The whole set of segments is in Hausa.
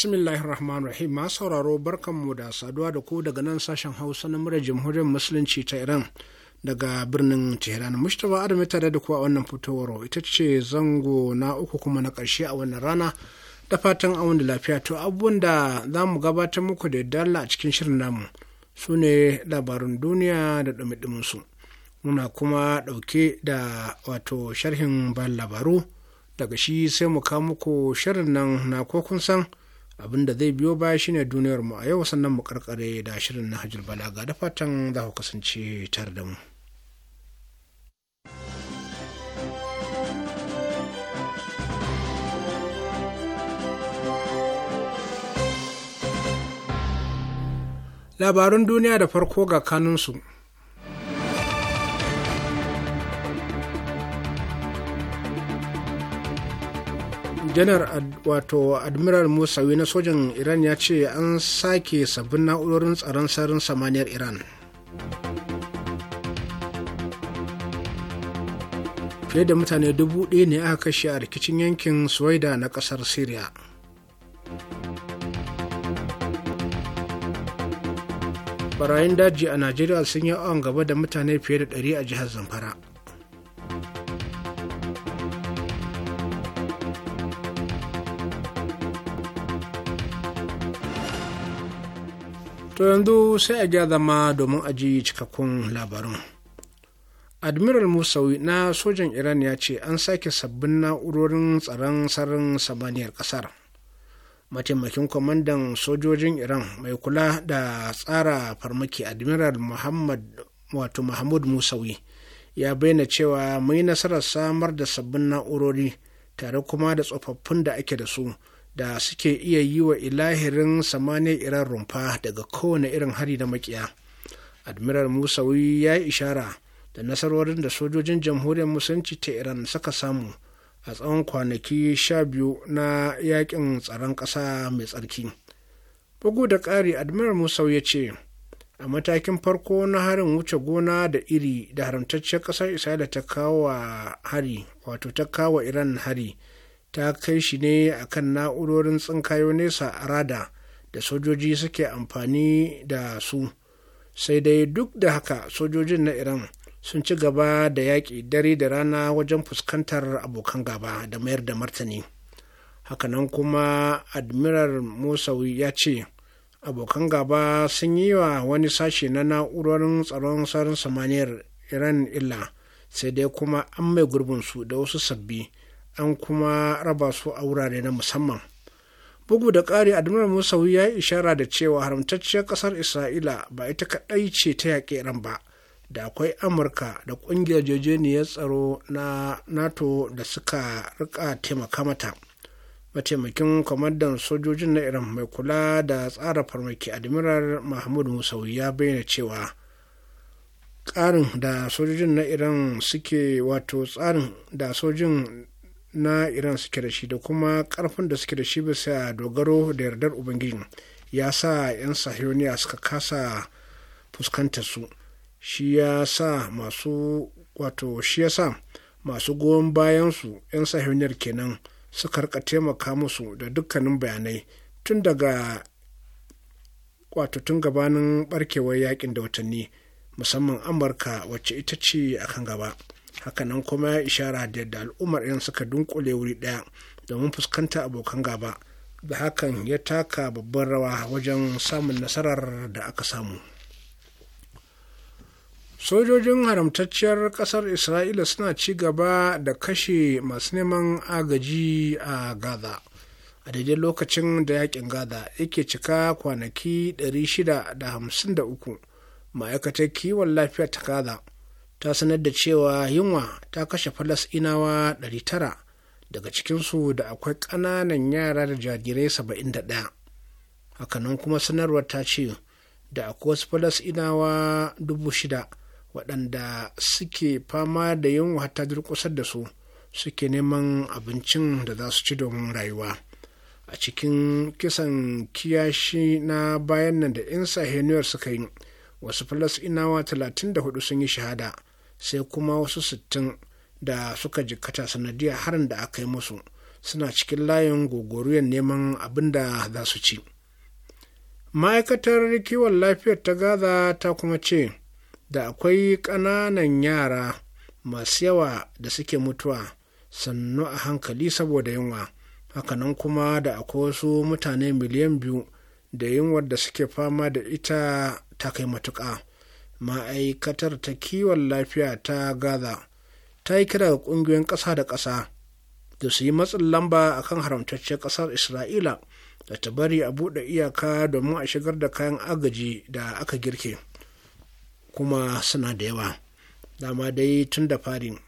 bismillahir rahmanir rahim ma sauraro barkanmu da saduwa da ku daga nan sashen hausa na murar jamhuriyar musulunci ta iran daga birnin tehran mustapha adam tare da ku a wannan fitowar ita ce zango na uku kuma na karshe a wannan rana da fatan awon da lafiya to abubuwan da za mu gabatar muku da yadda a cikin shirin namu su ne labarun duniya da dumidumin su muna kuma ɗauke da wato sharhin bayan labaru daga shi sai mu kawo muku shirin nan na ko kun san abin da zai biyo baya shine duniyar mu a yau sannan mu karkare da shirin na hajjul balaga da fatan za ku kasance tare da mu labarun duniya da farko ga kanunsu janar wato admiral musawi na sojan iran ya ce an sake sabbin na'urorin tsaron sarin samaniyar iran fiye da mutane dubu ɗaya ne aka kashe a rikicin yankin suwaida na ƙasar syria barayin daji a najeriya sun yi awon gaba da mutane fiye da ɗari a jihar zamfara To yanzu sai a ja zama domin a ji cikakkun labarun. Admiral Musawi na sojan Iran ya ce an sake sabbin na'urorin tsaron sararin samaniyar kasar Mataimakin kwamandan sojojin Iran mai kula da tsara farmaki Admiral Muhammad wato Mahmud Musawi ya bayyana cewa mai nasarar samar da sabbin na'urori tare kuma da tsofaffin da ake da su da suke iya yi wa ilahirin samaniya iran rumfa daga kowane irin hari da makiya admiral musawi ya yi ishara da nasarorin da sojojin jamhuriyar musulunci ta iran suka samu a tsawon kwanaki sha biyu na yakin tsaron ƙasa mai tsarki bugu da ƙari admiral musau ya ce a matakin farko na harin wuce gona da iri da haramtacciyar ƙasar isra'ila ta kawo hari wato ta kawo iran hari ta kai shi ne a kan na'urorin tsinkayo nesa a rada da sojoji suke amfani da su sai dai duk da haka sojojin na iran sun ci gaba da yaƙi dare da rana wajen fuskantar abokan gaba da mayar da martani hakanan kuma admiral musawi ya ce abokan gaba sun yi wa wani sashe na na'urorin tsaron sararin samaniyar iran illa sai dai kuma an mai gurbinsu da wasu sabbi an kuma raba su a wurare na musamman bugu da ƙari admiral musawi ya yi ishara da cewa haramtacciyar ƙasar isra'ila ba ita kaɗai ce ta yaƙi ran ba da akwai amurka da ƙungiyar jejeniyar tsaro na nato da suka rika taimaka mata mataimakin kwamandan sojojin na iran mai kula da tsara farmaki admiral mahmud musawi ya bayyana cewa ƙarin da sojojin na iran suke wato tsarin da sojin na iran suke da shi da kuma karfin da suke da shi bisa dogaro da yardar ubangiji ya sa 'yan sahiyoniya suka kasa fuskantar su shi ya sa masu wato shi ya sa masu goyon bayan su 'yan sahiyoniyar kenan suka rika taimaka musu da dukkanin bayanai tun daga wato tun gabanin barkewar yakin da watanni musamman amurka wacce ita ce akan gaba hakanan kuma ya ishara da yadda al'ummar yan suka dunkule wuri ɗaya domin fuskanta abokan gaba da hakan ya taka babban rawa wajen samun nasarar da aka samu sojojin haramtacciyar kasar isra'ila suna ci gaba da kashe masu neman agaji a gaza a daidai lokacin da yakin gaza yake cika kwanaki 653 ma'aikatar kiwon lafiya ta gaza ta sanar da cewa yunwa ta kashe falasinawa 900 daga cikinsu da akwai ƙananan yara da jarirai 71 hakanan kuma sanarwar ta ce da akwai wasu falasinawa 6,000 waɗanda suke fama da yunwa ta durƙusar da su suke neman abincin da za su ci domin rayuwa a cikin kisan kiyashi na bayan nan da 'yan sahe suka yi wasu falasinawa 34 sun yi shahada sai kuma wasu sittin da suka jikkata sanadiyar harin da aka yi musu suna cikin layin gogoriyar neman abin da za su ci ma'aikatar kiwon lafiyar ta gaza ta kuma ce da akwai ƙananan yara masu yawa da suke mutuwa sannu a hankali saboda yunwa hakanan kuma da akwai wasu mutane miliyan biyu da yunwar da suke fama da ita ta kai matuƙa ma'aikatar ta kiwon lafiya ta gaza ta yi kira ga ƙungiyoyin ƙasa da ƙasa da su yi matsin lamba a kan haramtacciyar ƙasar isra'ila da ta bari a buɗe iyaka domin a shigar da kayan agaji da aka girke kuma suna da yawa dama dai tun da fari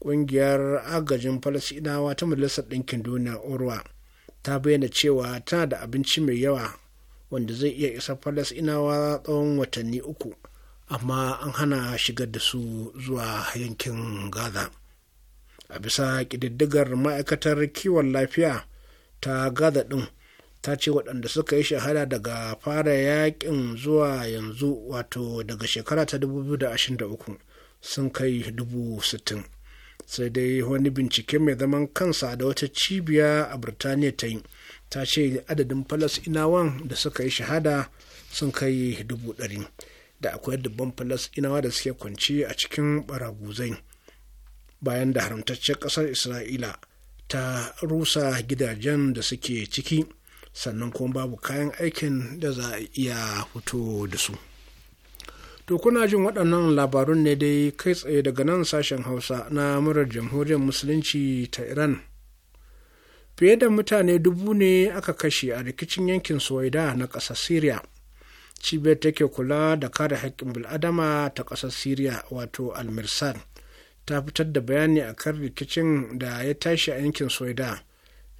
ƙungiyar agajin falasinawa ta majalisar ɗinkin duniya urwa ta bayyana cewa tana da abinci mai yawa wanda zai iya isa falasinawa tsawon watanni uku amma an hana shigar da su zuwa yankin gaza a bisa ƙididdigar ma'aikatar kiwon lafiya ta gaza ɗin ta ce waɗanda suka yi shahada daga fara yakin zuwa yanzu wato daga shekara ta 2023 sun kai 60,000 sai dai wani bincike mai zaman kansa da wata cibiya a birtaniya ta yi ta ce adadin falasinawan da suka yi shahada sun kai 100,000 da akwai dubban falasɗinawa da suke kwance a cikin baraguzai bayan da haramtaccen ƙasar isra'ila ta rusa gidajen da suke ciki sannan kuma babu kayan aikin da za a iya fito da su to kuna jin waɗannan labarun ne dai kai tsaye daga nan sashen hausa na murar jamhuriyar musulunci ta iran fiye da mutane dubu ne aka kashe a rikicin yankin soida na ƙasar syria cibiyar take kula da kare haƙƙin bil'adama ta ƙasar syria wato almirsan ta fitar da bayani a kan rikicin da ya tashi a yankin soida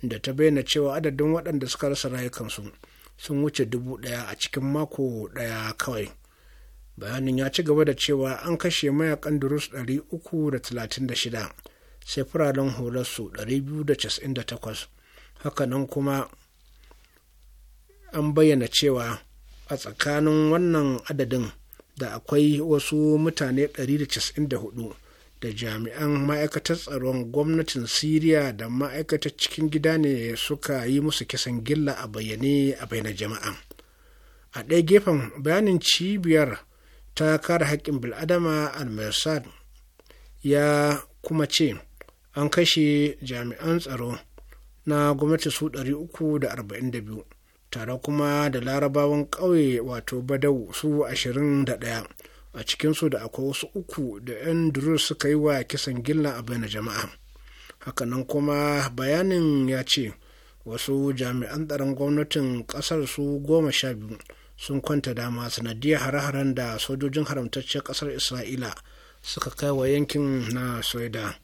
da ta bayyana cewa adadin waɗanda suka rasa rayukansu sun wuce dubu ɗaya a cikin mako ɗaya kawai bayanin ya ci gaba da cewa an kashe mayakan durus 336 sai furalin horarsu 298 hakanan kuma an bayyana cewa a tsakanin wannan adadin da akwai wasu mutane 194 da jami'an ma'aikatar tsaron gwamnatin Siriya da ma'aikatar cikin gida ne suka yi musu kisan gilla a bayyane a bainar jama'a a ɗaya gefen bayanin cibiyar ta kare haƙƙin bil'adama al ya kuma ce an kashe jami'an tsaro na gwamnati su 342 tare kuma da larabawan ƙauye wato badau su ashirin da ɗaya a cikinsu da akwai wasu uku da 'yan durus suka yi wa kisan gilla a bayan jama'a hakanan kuma bayanin ya ce wasu jami'an tsaron gwamnatin ƙasar su goma sha biyu sun kwanta dama sanadiyar hare-haren da sojojin haramtacciyar ƙasar isra'ila suka kai wa yankin na soida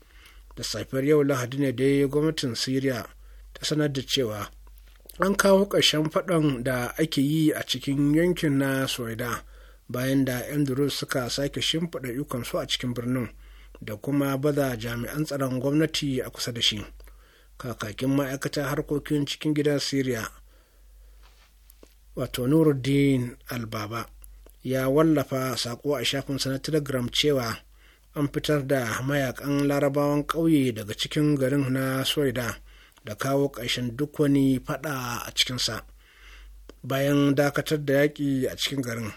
da safiyar yau lahadi ne dai gwamnatin syria ta sanar da cewa an kawo ƙarshen faɗan da ake yi a cikin yankin na soida bayan da 'yan durus suka sake shimfiɗa ikonsu a cikin birnin da kuma baza jami'an tsaron gwamnati a kusa da shi kakakin ma'aikatar harkokin cikin gidan syria wato nuruddin albaba ya wallafa saƙo a shafin na telegram cewa an fitar da mayakan larabawan ƙauye daga cikin garin na soida da kawo ƙarshen duk wani faɗa a cikinsa bayan dakatar da yaƙi a cikin garin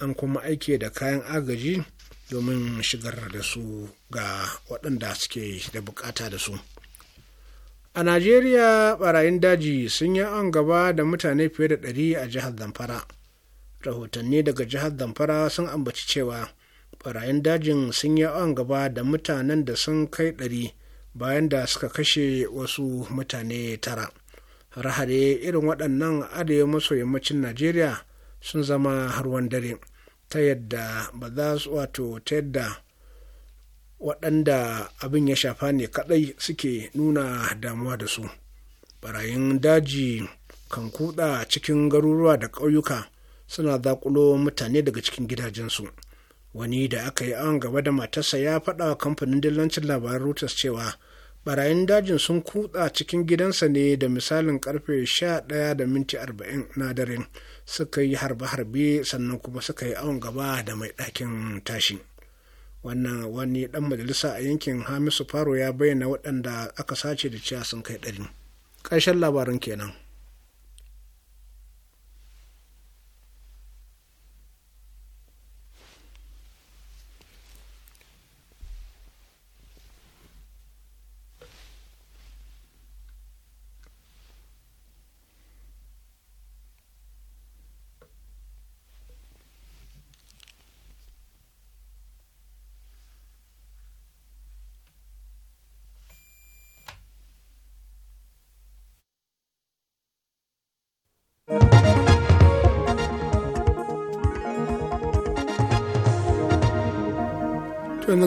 an kuma aike da kayan agaji domin shigar da su ga waɗanda suke da bukata da su a najeriya barayin daji sun yi an gaba da mutane fiye da ɗari a jihar zamfara rahotanni daga jihar zamfara sun ambaci cewa barayin dajin sun yi an gaba da mutanen da sun kai ɗari bayan da suka kashe wasu mutane tara hare-hare irin waɗannan arewa maso yammacin najeriya sun zama harwan dare ta yadda ba za su wato ta yadda waɗanda abin ya shafa ne kaɗai suke nuna damuwa da su barayin daji kan kuɗa cikin garuruwa da ƙauyuka suna zaƙulo mutane daga cikin gidajensu wani da aka yi an gaba da matarsa ya faɗa wa kamfanin dillancin labaran reuters cewa barayin dajin sun kutsa cikin gidansa ne da misalin karfe ɗaya, da minti arba'in na daren suka yi harbe-harbe sannan kuma suka yi awon gaba da mai ɗakin tashi wannan wani ɗan majalisa a yankin hamisu faro ya bayyana waɗanda aka sace da cewa sun kai ɗari ƙarshen labarin kenan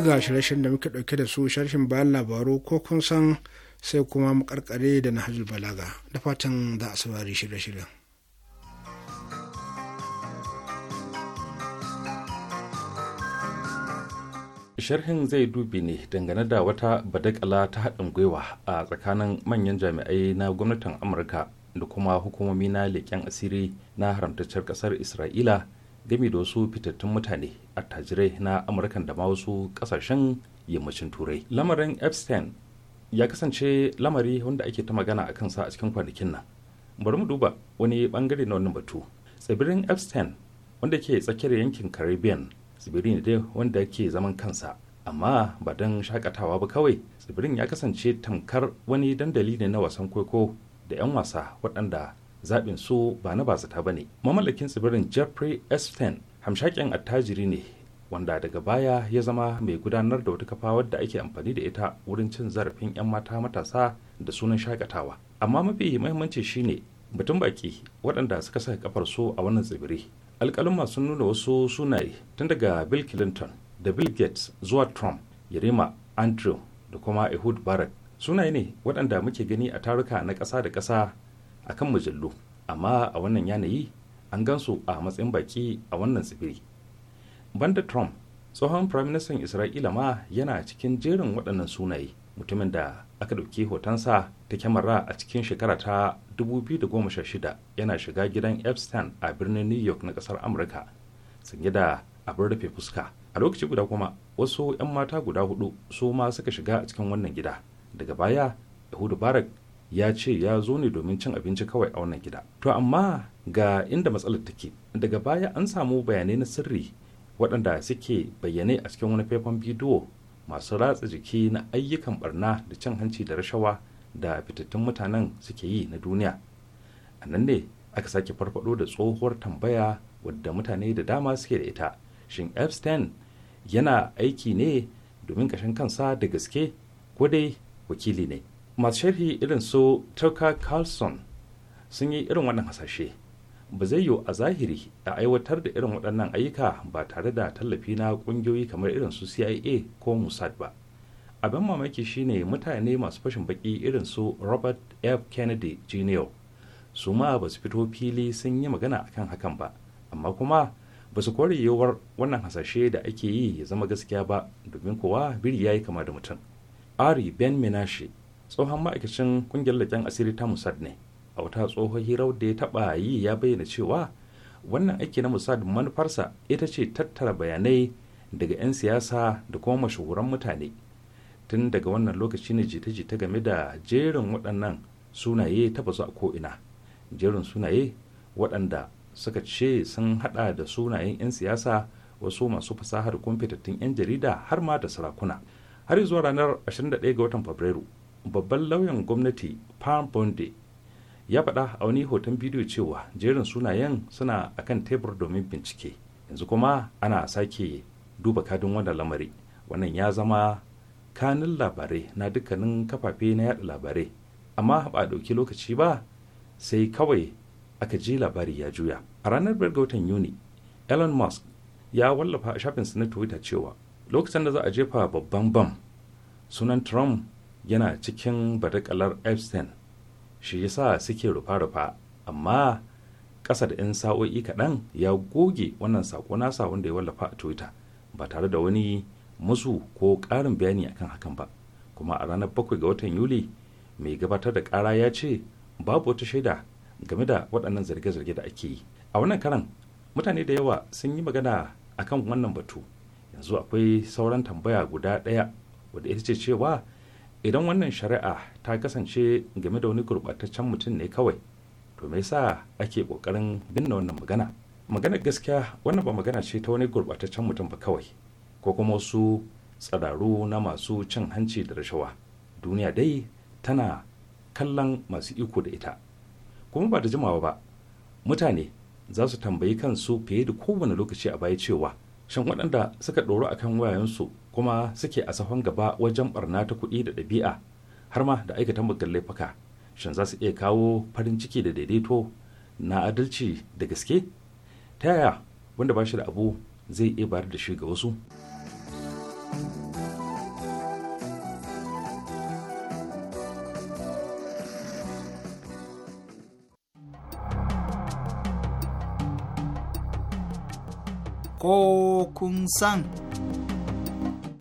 wani ga da muke ɗauke da su sharhin bayan labaru ko kun san sai kuma mu karkare da nahjul balaga da fatan za a saurari shirye-shiryen. sharhin zai dubi ne dangane da wata badakala ta haɗin gwiwa a tsakanin manyan jami'ai na gwamnatin amurka da kuma hukumomi na leƙen asiri na haramtaccen ƙasar isra'ila gami da wasu fitattun mutane attajirai na amurkan da ma wasu kasashen yammacin turai lamarin epstein ya kasance lamari wanda ake ta magana a kansa a cikin kwanakin nan bari mu duba wani bangare na wannan batu tsibirin epstein wanda ke tsakiyar yankin caribbean tsibiri ne dai wanda ke zaman kansa amma ba don shakatawa ba kawai tsibirin ya kasance tamkar wani dandali ne na wasan kwaiko da 'yan wasa waɗanda zaɓin su ba na bazata ba ne mamallakin tsibirin jeffrey esten hamshakin attajiri ne wanda daga baya ya zama mai gudanar da wata kafa wadda ake amfani da ita wurin cin zarafin 'yan mata matasa da sunan shakatawa amma mafi mahimmanci shine mutum baki waɗanda suka saka kafar su a wannan tsibiri alƙaluma sun nuna wasu sunaye tun daga bill clinton da bill gates zuwa trump yarima andrew da kuma ehud barak sunaye ne waɗanda muke gani a taruka na ƙasa da ƙasa a kan mujallu amma a wannan yanayi an gansu a matsayin baki a wannan tsibiri banda trump tsohon firaministan isra'ila ma yana cikin jerin waɗannan sunaye mutumin da aka ɗauki hotonsa ta kyamara a cikin shekara ta 2016 yana shiga gidan epstein a birnin new york na ƙasar amurka sanye da abin rufe fuska a lokaci guda kuma wasu 'yan mata guda hudu su ma suka shiga a cikin wannan gida daga baya yahudu barak ya ce ya zo ne domin cin abinci kawai a wannan gida to amma ga inda matsalar take daga baya an samu bayanai na sirri waɗanda suke bayyane a cikin wani faifan bidiyo masu ratsa jiki na ayyukan barna da cin hanci da rashawa da fitattun mutanen suke yi na duniya a nan ne aka sake farfado da tsohuwar tambaya wadda mutane da dama suke da ita shin epstein yana aiki ne domin kashin kansa da gaske ko dai wakili ne masu sharhi irin su tucker carlson sun yi irin wannan hasashe ba zai yiwu a zahiri a aiwatar da irin waɗannan ayyuka ba tare da tallafi na ƙungiyoyi kamar irin su cia ko mossad ba abin mamaki shine mutane masu fashin baki irin su robert f kennedy jr su ma ba su fito fili sun yi magana akan hakan ba amma kuma ba su kore yiwuwar wannan hasashe da ake yi ya zama gaskiya ba domin kowa biri ya yi kama da mutum ari ben menashe tsohon ma'aikacin kungiyar leƙen asiri ta musad ne a wata tsohon hirar da ya taɓa yi ya bayyana cewa wannan aiki na musad manufarsa ita ce tattara bayanai daga 'yan siyasa da kuma mashahuran mutane tun daga wannan lokaci ne jita-jita game da jerin waɗannan sunaye ta a ko'ina jerin sunaye waɗanda suka ce sun haɗa da sunayen 'yan siyasa wasu masu fasahar kumfitattun 'yan jarida har ma da sarakuna har zuwa ranar 21 ga watan fabrairu babban lauyan gwamnati pam bonde ya faɗa a wani hoton bidiyo cewa jerin sunayen suna a kan tebur domin bincike yanzu kuma ana sake duba kadin wannan lamari wannan ya zama kanin labarai na dukkanin kafafe na yada labarai amma ba a ɗauki lokaci ba sai kawai aka je labari ya juya a ranar ga watan yuni elon musk ya wallafa shafin shafinsa na twitter cewa lokacin da za a jefa babban bam sunan trump yana cikin badakalar epstein shi yasa suke rufa-rufa amma ƙasa da 'yan sa'o'i kaɗan ya goge wannan saƙo nasa wanda ya wallafa a twitter ba tare da wani musu ko ƙarin bayani akan hakan ba kuma a ranar 7 ga watan yuli mai gabatar da ƙara ya ce babu wata shaida game da waɗannan zarge-zarge da ake yi a wannan karan mutane da yawa sun yi magana akan wannan batu yanzu akwai sauran tambaya guda ɗaya wadda ita ce cewa idan wannan shari'a ta kasance game da wani gurbataccen mutum ne kawai to me yasa ake ƙoƙarin binne wannan magana magana gaskiya wannan ba magana ce ta wani gurɓataccen mutum ba kawai ko kuma wasu tsararu na masu cin hanci da rashawa duniya dai tana kallon masu iko da ita kuma ba da jimawa ba mutane za su tambayi kansu fiye da kowane lokaci a baya cewa shin waɗanda suka ɗoro kan wayayensu kuma suke a sahon gaba wajen ɓarna ta kuɗi da ɗabi'a har ma da aikata muggan laifuka shin za su iya kawo farin ciki da daidaito na adalci da gaske ta yaya wanda ba shi da abu zai iya bayar da shi ga wasu ko kun san.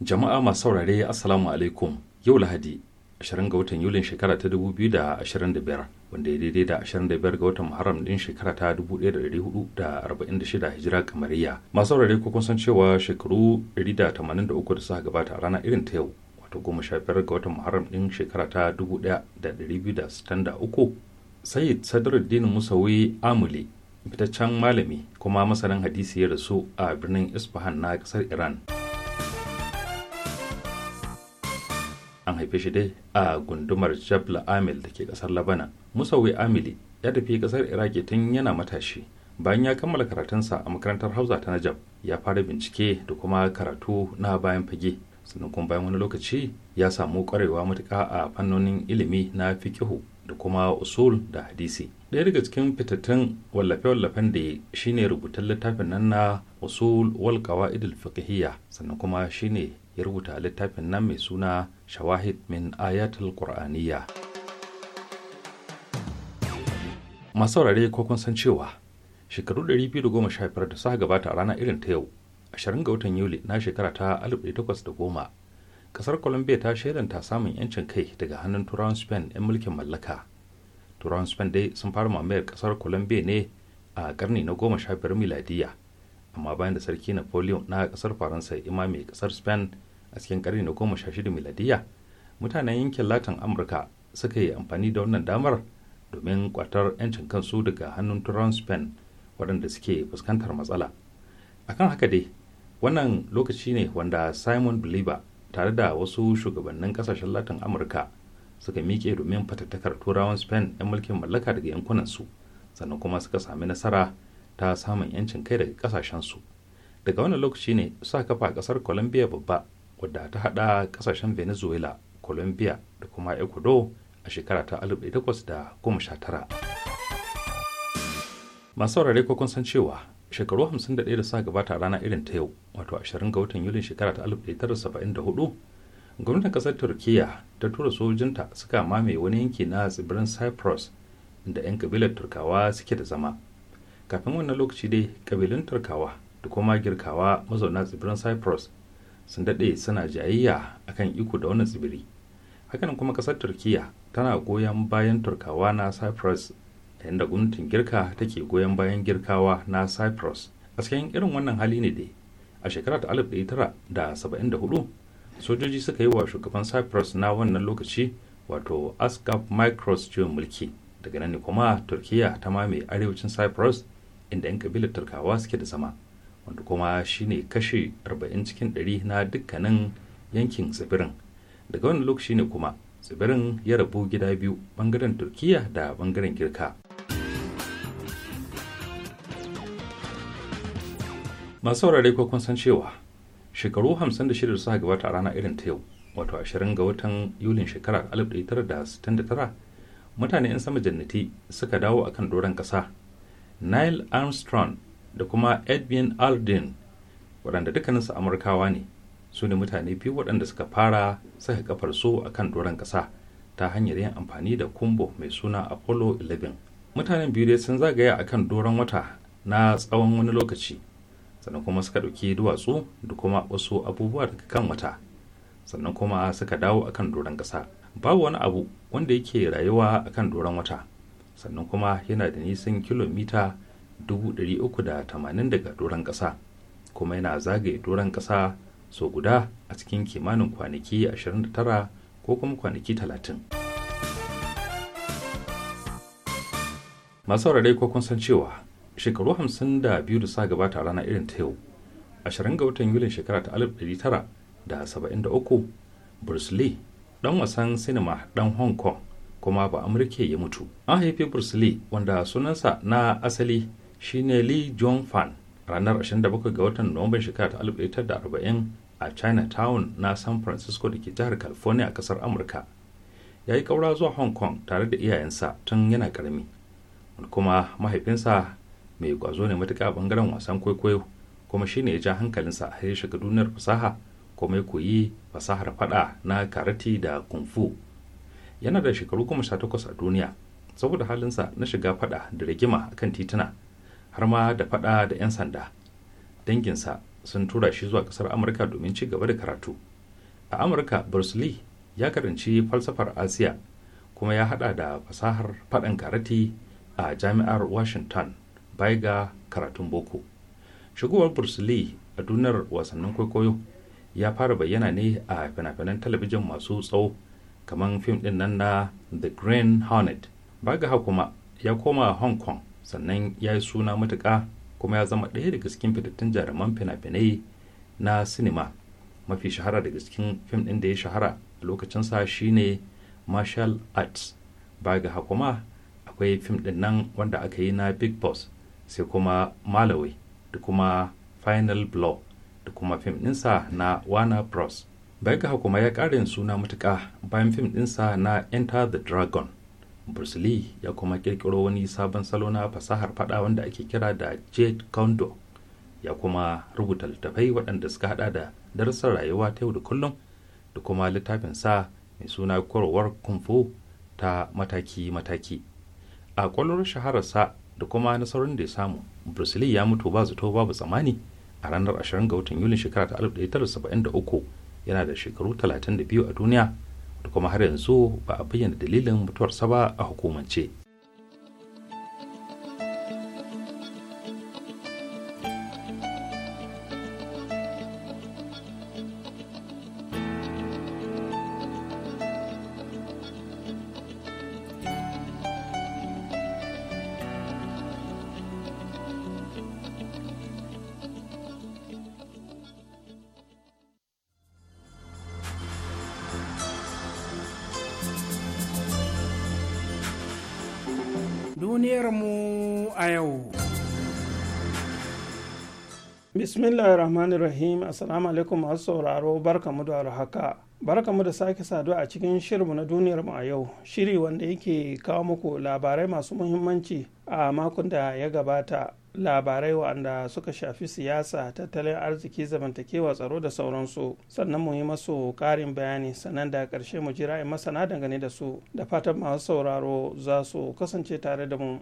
Jama'a masu saurare Assalamu alaikum yau Lahadi 20 ga watan Yulin shekara ta 2025 wanda ya daidai da 25 ga watan Muharram din shekara ta 1446 Hijira kamariya. Masu saurare kun san cewa shekaru 183 da suka gabata a rana irin ta yau wato 15 ga watan Muharram din shekara ta 1263 Sayyid Sadruddin Musawi Amuli fitaccen malami kuma masanin hadisi ya rasu a birnin isfahan na kasar iran an haife shi dai a gundumar jabla amil da ke kasar labana musawi amili ya tafi kasar iraki tun yana matashi bayan ya kammala karatunsa a makarantar hausa ta najab ya fara bincike da kuma karatu na bayan fage sannan kuma bayan wani lokaci ya samu kwarewa matuka a fannonin ilimi na fikihu da kuma usul da hadisi ɗaya daga cikin fitattun wallafe-wallafen da shine rubutun littafin nan na usul wal qawaid fiqhiyya sannan kuma shine ya rubuta littafin nan mai suna shawahid min ayatul qur'aniyya masu saurare ko kun san cewa shekaru 215 da suka gabata a rana irin ta yau 20 ga watan yuli na shekara ta 1810 kasar colombia ta shaidanta samun yancin kai daga hannun turawan spain 'yan mulkin mallaka turawan spain dai sun fara mamayar kasar colombia ne a karni na goma sha biyar miladiya amma bayan da sarki napoleon na kasar faransa ya mai kasar spain a cikin karni na goma sha shida miladiya mutanen yankin latin amurka suka yi amfani da wannan damar domin kwatar 'yancin kansu daga hannun turawan spain waɗanda suke fuskantar matsala akan haka dai wannan lokaci ne wanda simon believer tare da wasu shugabannin kasashen latin amurka suka miƙe domin fatattakar turawan spain 'yan mulkin mallaka daga yankunansu sannan kuma suka sami nasara ta samun 'yancin kai daga kasashensu daga wannan lokaci ne sa kafa kasar colombia babba wadda ta hada kasashen venezuela colombia da kuma ecuador a shekara ta 1819 masu saurare ko kun san cewa shekaru 51 da suka gabata rana irin ta yau wato 20 ga watan yulin shekara ta 1974 gwamnatin kasar turkiya ta tura sojinta suka mame wani yanki na tsibirin cyprus da 'yan kabilar turkawa suke da zama kafin wannan lokaci dai kabilun turkawa da kuma girkawa mazauna tsibirin cyprus sun daɗe suna jayayya akan iko da wannan tsibiri hakan kuma kasar turkiya tana goyon bayan turkawa na cyprus yayin da gwamnatin girka take goyon bayan girkawa na cyprus a cikin irin wannan hali ne dai a shekarar 1974 sojoji suka yi wa shugaban cyprus na wannan lokaci wato ascap micros ciwon mulki daga nan ne kuma turkiya ta mame arewacin cyprus inda 'yan kabilar turkawa suke da zama wanda kuma shine kashe 40 cikin 100 na dukkanin yankin tsibirin daga wannan lokaci ne kuma tsibirin ya rabu gida biyu bangaren turkiya da bangaren girka masu saurare ko kun san cewa shekaru 56 suka gabata a rana irin ta yau wato 20 ga watan yulin shekara 1969 mutane 'yan sama jannati suka dawo akan doron kasa nile armstrong da kuma edwin aldrin waɗanda dukkaninsu amurkawa ne su ne mutane biyu waɗanda suka fara saka kafar su akan doron kasa ta hanyar yin amfani da kumbo mai suna apollo 11 mutanen biyu da sun zagaya akan doron wata na tsawon wani lokaci sannan kuma suka ɗauki duwatsu da kuma wasu abubuwa daga kan wata sannan kuma suka dawo akan doran ƙasa babu wani abu wanda yake rayuwa akan doran wata sannan kuma yana da nisan kilomita 380 daga doran ƙasa kuma yana zagaye doran ƙasa so guda a cikin kimanin kwanaki 29 ko kuma kwanaki 30 masu ko kun san cewa shekaru 52 da sa gabata rana irin ta yau 20 ga watan yulin shekara ta 1973 bruce lee dan wasan sinima dan hong kong kuma ba amurke ya mutu an haifi bruce lee wanda sunansa na asali shine lee john fan ranar 27 ga watan nuwamban shekara ta 1940 a chinatown na san francisco da ke jihar california a kasar amurka ya yi kaura zuwa hong kong tare da iyayensa tun yana ƙarami kuma mahaifinsa mai gwazo ne matuƙa a bangaren wasan kwaikwayo kuma shine ya ja hankalinsa har ya shiga duniyar fasaha kuma ya koyi fasahar fada na karati da kung fu yana da shekaru kuma sha takwas a duniya saboda halinsa na shiga fada da rigima kan tituna har ma da fada da 'yan sanda danginsa sun tura shi zuwa kasar amurka domin ci gaba da karatu a amurka bruce lee ya karanci falsafar asiya kuma ya hada da fasahar faɗan karati a jami'ar washington baya ga karatun boko shigowar bruce a duniyar wasannin kwaikwayo ya fara bayyana ne a fina-finan talabijin masu tsawo kamar fim din nan na the green hornet bagaha kuma ya koma hong kong sannan ya yi suna matuka kuma ya zama ɗaya daga cikin fitattun jaruman fina-finai na sinima mafi shahara daga cikin fim din da ya shahara a lokacinsa shine martial arts bagaha kuma akwai fim din nan wanda aka yi na big boss sai kuma malawi da kuma final blow da kuma fim ɗinsa na wana bros bai ga kuma ya ƙarin suna matuƙa bayan fim ɗinsa na enter the dragon bruce lee ya kuma ƙirƙiro wani sabon salo na fasahar fada wanda ake kira da jade kondo ya kuma rubuta littafai waɗanda suka hada da darasar rayuwa ta yau da kullum da kuma littafin sa mai suna korowar kung fu ta mataki-mataki a shaharar shahararsa da kuma nasarorin da ya samu bruce ya mutu ba zato babu tsammani a ranar 20 ga watan yulin shekara ta 1973 yana da shekaru 32 a duniya da kuma har yanzu ba a bayyana dalilin mutuwarsa ba a hukumance mu a yau. bismillahir rahmanir rahim assalamu alaikum masu sauraro barkamu da haka barkamu da sake saduwa a cikin shirinmu na duniyar mu a yau shiri wanda yake kawo muku labarai masu muhimmanci a makon da ya gabata labarai waɗanda suka shafi siyasa tattalin arziki zamantakewa tsaro da sauransu sannan mu yi masu ƙarin bayani sannan da ƙarshe mu jira masana dangane da su da fatan masu sauraro za su kasance tare da mu.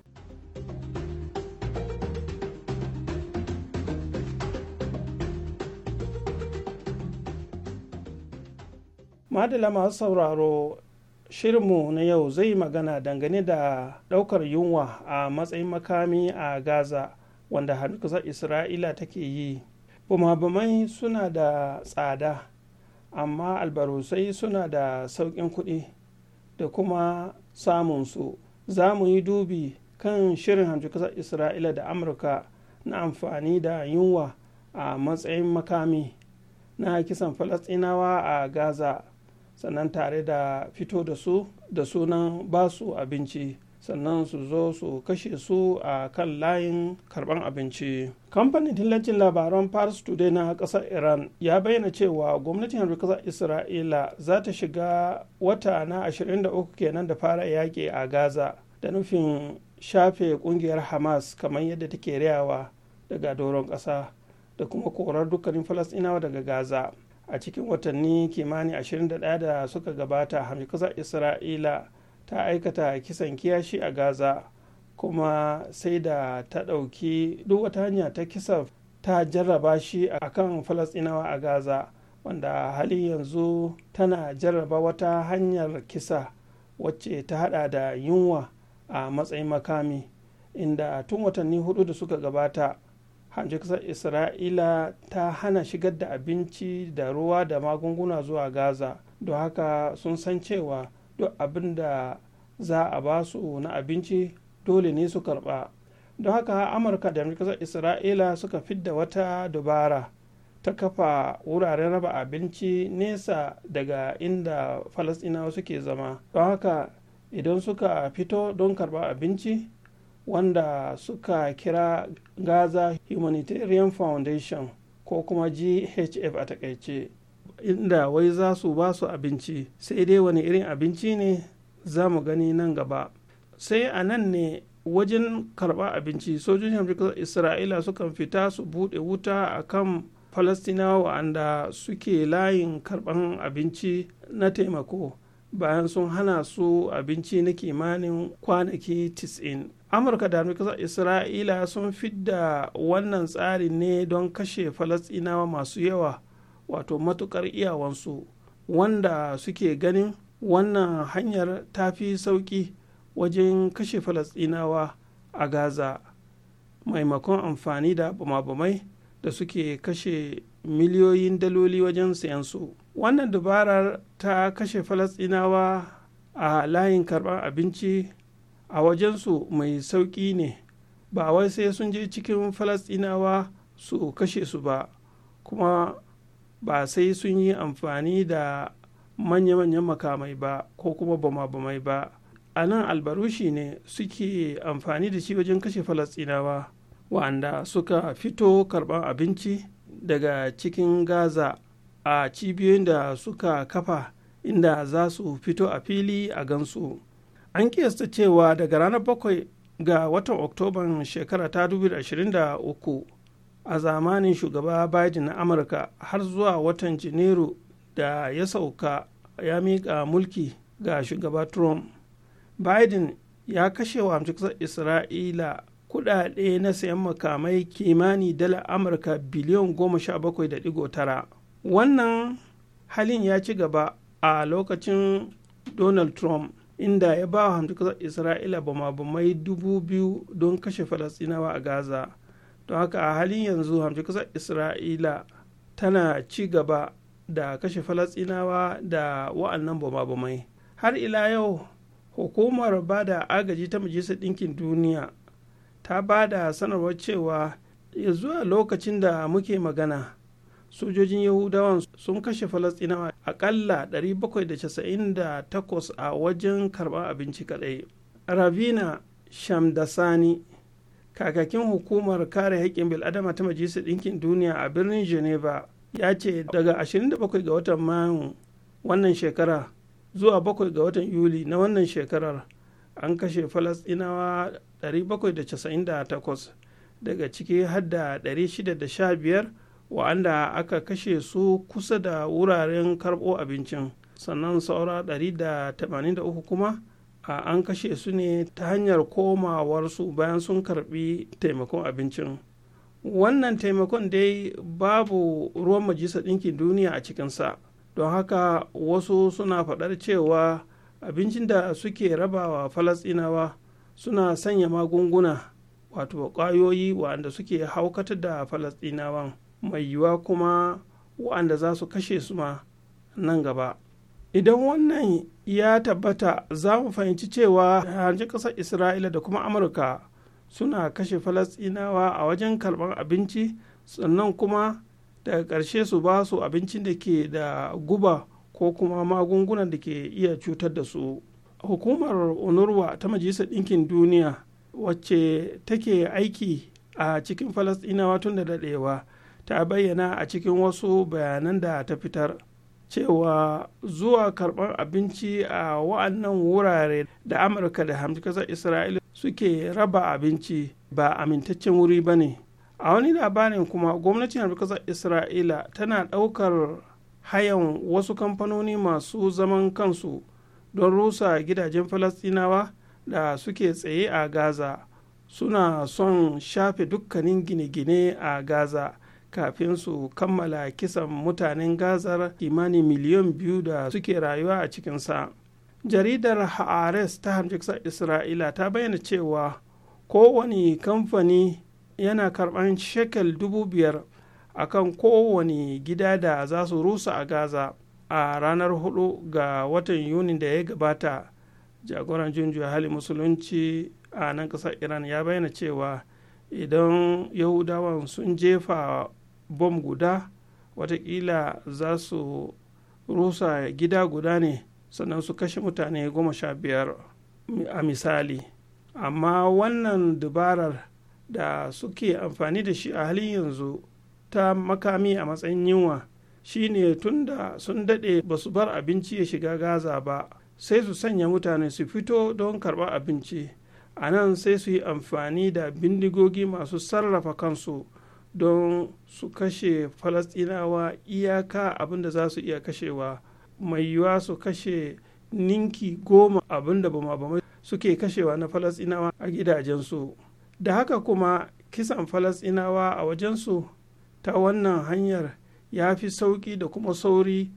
madala masu sauraro shirinmu na yau zai magana dangane da ɗaukar yunwa a matsayin makami a gaza wanda hannun isra'ila take yi bumabumai suna da tsada amma albarusai suna da sauƙin kuɗi da kuma samunsu za mu yi dubi kan shirin hannun isra'ila da amurka na amfani da yunwa a matsayin makami na kisan falasɗinawa a gaza sannan tare da fito da su da sunan ba su abinci sannan su zo su kashe su a kan layin karban abinci kamfanin dillacin labaran paris today na kasar iran ya bayyana cewa gwamnatin yanzu kasar isra'ila za ta shiga wata na 23 kenan da fara yaƙi a gaza da nufin shafe ƙungiyar hamas kamar yadda take rayawa daga doron ƙasa da kuma korar dukkanin falasɗinawa daga gaza a cikin watanni kimani 21 da suka gabata hamikasar isra'ila ta aikata kisan kiyashi a gaza kuma sai da ta ɗauki duk wata hanya ta kisa ta jarraba shi a kan falasɗinawa a gaza wanda halin yanzu tana jarraba wata hanyar kisa wacce ta hada da yunwa a matsayin makami inda tun watanni hudu da suka gabata hamshe kasar isra'ila ta hana shigar da abinci da ruwa da magunguna zuwa gaza don haka sun san cewa duk abin da za a ba su na abinci dole ne su karba don haka amurka da kasar isra'ila suka fidda wata dubara ta kafa wuraren raba abinci nesa daga inda falasɗinawa suke zama don haka idan suka fito don karba abinci wanda suka kira gaza humanitarian foundation ko kuma ghf a takaice inda wai za su ba su abinci sai dai wani irin abinci ne za mu gani nan gaba sai a nan ne wajen karɓa abinci sojojin amurka isra'ila sukan fita su bude wuta a kan falastinawa wanda suke layin karɓar abinci na taimako bayan sun hana su abinci na kimanin kwanaki 90 amurka da kasar isra'ila sun fidda wannan tsari ne don kashe falasɗinawa masu yawa wato matukar iyawansu wanda suke ganin wannan hanyar ta fi sauƙi wajen kashe falasɗinawa a gaza maimakon amfani da bamabamai bamai da suke kashe miliyoyin daloli wajen sayansu. su wannan dabarar ta kashe falasɗinawa a layin karɓar abinci a wajensu mai sauƙi ne ba wai sai sun je cikin falasɗinawa su kashe su ba kuma ba sai sun yi amfani da manya-manyan makamai ba ko kuma bama-bamai ba a nan albarushi ne suke amfani da shi wajen kashe falasɗinawa wa'anda suka fito karɓar abinci daga cikin gaza a cibiyoyin da suka kafa inda za su fito a fili a gansu an kiyasta cewa daga ranar 7 ga watan oktoban shekara ta 2023 a zamanin shugaba biden na amurka har zuwa watan janairu da ya sauka ya miƙa mulki ga shugaba trump biden ya kashe wa amsar isra'ila kudade na sayan makamai kimani dala amurka biliyan 17.9 wannan halin ya ci gaba a lokacin donald trump inda ya ba wa isra'ila bama-bamai dubu biyu don kashe falastinawa a gaza don haka a halin yanzu hamdukasar isra'ila tana ci gaba da kashe falastinawa da wa'annan bama-bamai har ila yau hukumar ba da agaji ta majalisar ɗinkin duniya ta ba da sanarwar cewa ya zuwa lokacin da muke magana sojojin yahudawan sun kashe falastinawa akalla 798 a wajen karɓar abinci kadai ravina shamdasani kakakin hukumar kare haƙƙin bil'adama ta majalisar ɗinkin duniya a birnin geneva ya ce daga 27 ga watan mayu wannan shekara zuwa 7 ga watan yuli na wannan shekarar an kashe falasɗinawa 798 daga ciki hadda 615 wa'anda aka kashe su kusa da wuraren karɓo abincin sannan saura 183 kuma a an kashe su ne ta hanyar komawarsu bayan sun karɓi taimakon abincin wannan taimakon dai babu ruwan majisa ɗinkin duniya a cikinsa don haka wasu suna faɗar cewa abincin da suke rabawa falasɗinawa suna sanya magunguna wato ƙwayoyi wa'anda suke haukata da falasɗinawan mai yiwuwa kuma waɗanda za su kashe su ma nan gaba idan wannan ya tabbata za mu fahimci cewa harji ƙasar isra'ila da kuma amurka suna kashe falasɗinawa a wajen karɓar abinci sannan kuma daga ƙarshe su ba su abincin da ke da guba ko kuma magungunan da ke iya cutar da su hukumar onurwa ta majalisar ɗinkin duniya wacce take aiki a cikin falasɗinawa tun da daɗewa ta bayyana a cikin wasu bayanan da ta fitar cewa zuwa karɓar abinci a wa'annan wurare da amurka da hamdukasar isra'ila suke raba abinci ba amintaccen wuri ba ne a wani labarin kuma gwamnatin hamdukasar isra'ila tana ɗaukar hayan wasu kamfanoni masu zaman kansu don rusa gidajen falastinawa da suke tsaye a gaza suna son shafe dukkanin gine-gine a gaza kafin su kammala kisan mutanen gazar kimanin miliyan biyu da suke rayuwa a cikinsa jaridar haares ta hamjiksa isra'ila ta bayyana cewa kowane kamfani yana karban shekel dubu biyar a kan kowane gida da za su rusa a gaza a ranar hudu ga watan yuni da ya gabata jagoran junjiya hali musulunci a nan ƙasar iran ya bayyana cewa idan yahudawan sun jefa bom guda watakila za su rusa gida guda ne sannan su kashe mutane goma sha biyar a misali amma wannan dabarar da suke amfani da shi a halin yanzu ta makami a matsayin yunwa shine da sun dade ba su bar abinci ya shiga gaza ba sai su sanya mutane su fito don karɓar abinci a nan sai su yi amfani da bindigogi masu sarrafa kansu don su kashe falasɗinawa iyaka abinda za su iya kashewa mai yiwuwa su kashe ninki goma abinda bama suke kashewa na falasɗinawa a gidajensu da haka kuma kisan falasɗinawa a wajensu ta wannan hanyar ya fi sauƙi da kuma sauri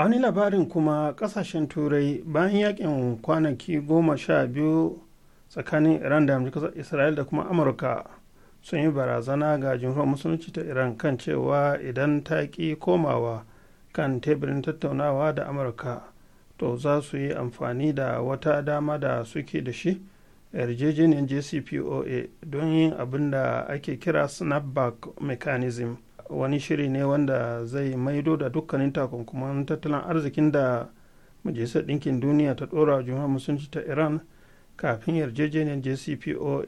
a wani labarin kuma kasashen turai bayan yakin kwanaki goma sha biyu tsakanin iran da amurka isra'il da kuma amurka sun yi barazana ga jimfa musulunci ta iran kan cewa idan ta ki komawa kan teburin tattaunawa da amurka to za su yi amfani da wata dama da suke da shi yarjejeniyar jcpoa don yin abin da ake kira snapback mechanism wani shiri ne wanda zai maido da dukkanin takunkuman tattalin arzikin da majalisar ɗinkin duniya ta ɗora juma musulunci ta iran kafin yarjejeniyar jcpoa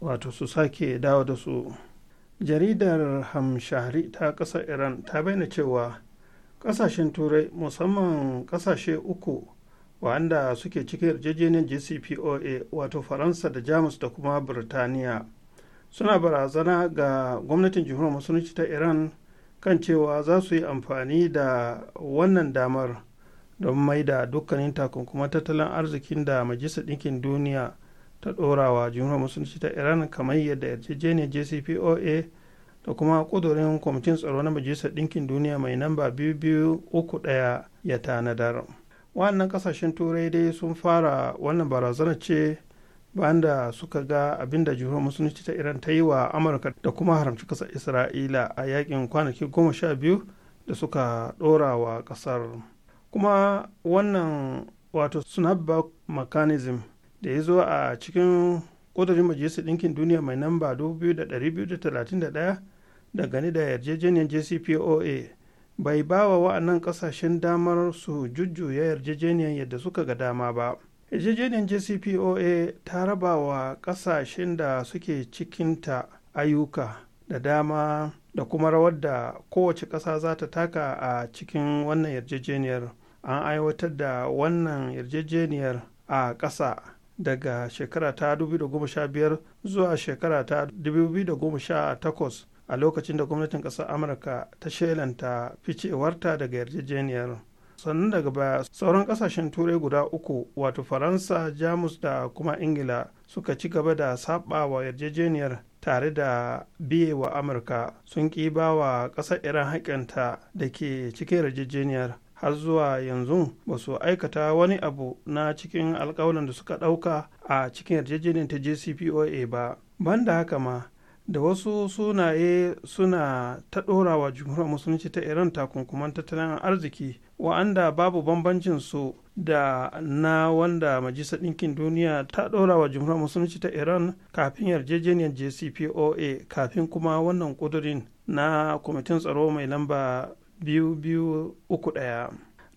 wato su sake dawo da su jaridar hamshari ta ƙasar iran ta bayyana cewa ƙasashen turai musamman ƙasashe uku wanda suke cikin yarjejeniyar jcpoa wato faransa da jamus da kuma birtaniya suna barazana ga gwamnatin jihunar musulunci ta iran kan cewa za su yi amfani da wannan damar don mai da dukkanin takunkuma tattalin arzikin da majalisar ɗinkin duniya ta ɗorawa jihunar musulunci ta iran kamar yadda yarjejeniyar jcpoa da kuma ƙudurin kwamitin tsaro na majalisar ɗinkin duniya mai namba ɗaya ya tanadar wannan ƙasashen turai dai sun fara wannan barazana ce bayan da suka ga abin da jihohar musulunci ta iran ta yi wa amurka da kuma haramci kasar isra'ila a yakin kwanaki goma sha biyu da suka ɗora wa ƙasar kuma wannan wato snapback mechanism da ya zo a cikin ƙudurin majalisar ɗinkin duniya mai namba 2231 gani da yarjejeniyar jcpoa bai ba wa wa'annan kasashen damar su jujjuya yarjejeniyar yadda suka ga dama ba yarjejeniyar jcpoa ta raba wa ƙasashen da suke cikinta ayyuka da dama da kuma rawar da kowace ƙasa za ta taka a cikin wannan yarjejeniyar an aiwatar da wannan yarjejeniyar a ƙasa daga shekara ta 2015 zuwa shekara ta 2018 a lokacin da gwamnatin ƙasar amurka ta shelanta ficewarta daga yarjejeniyar sannan daga baya sauran kasashen turai guda uku wato faransa jamus da kuma ingila suka ci gaba da saba wa yarjejeniyar tare da biye wa amurka sun ƙi ba wa kasar iran haƙƙinta da ke cikin yarjejeniyar har zuwa yanzu ba su aikata wani abu na cikin alkawalin da suka ɗauka a cikin yarjejeniyar ta jcpoa ba banda haka ma da wasu sunaye suna ta ɗora wa jumhuriyar musulunci ta iran takunkuman tattalin arziki wa'anda babu bambancin su da na wanda majalisar ɗinkin duniya ta ɗora wa jumhuriyar musulunci ta iran kafin yarjejeniyar jcpoa kafin kuma wannan ƙudurin na kwamitin tsaro mai lamba 2231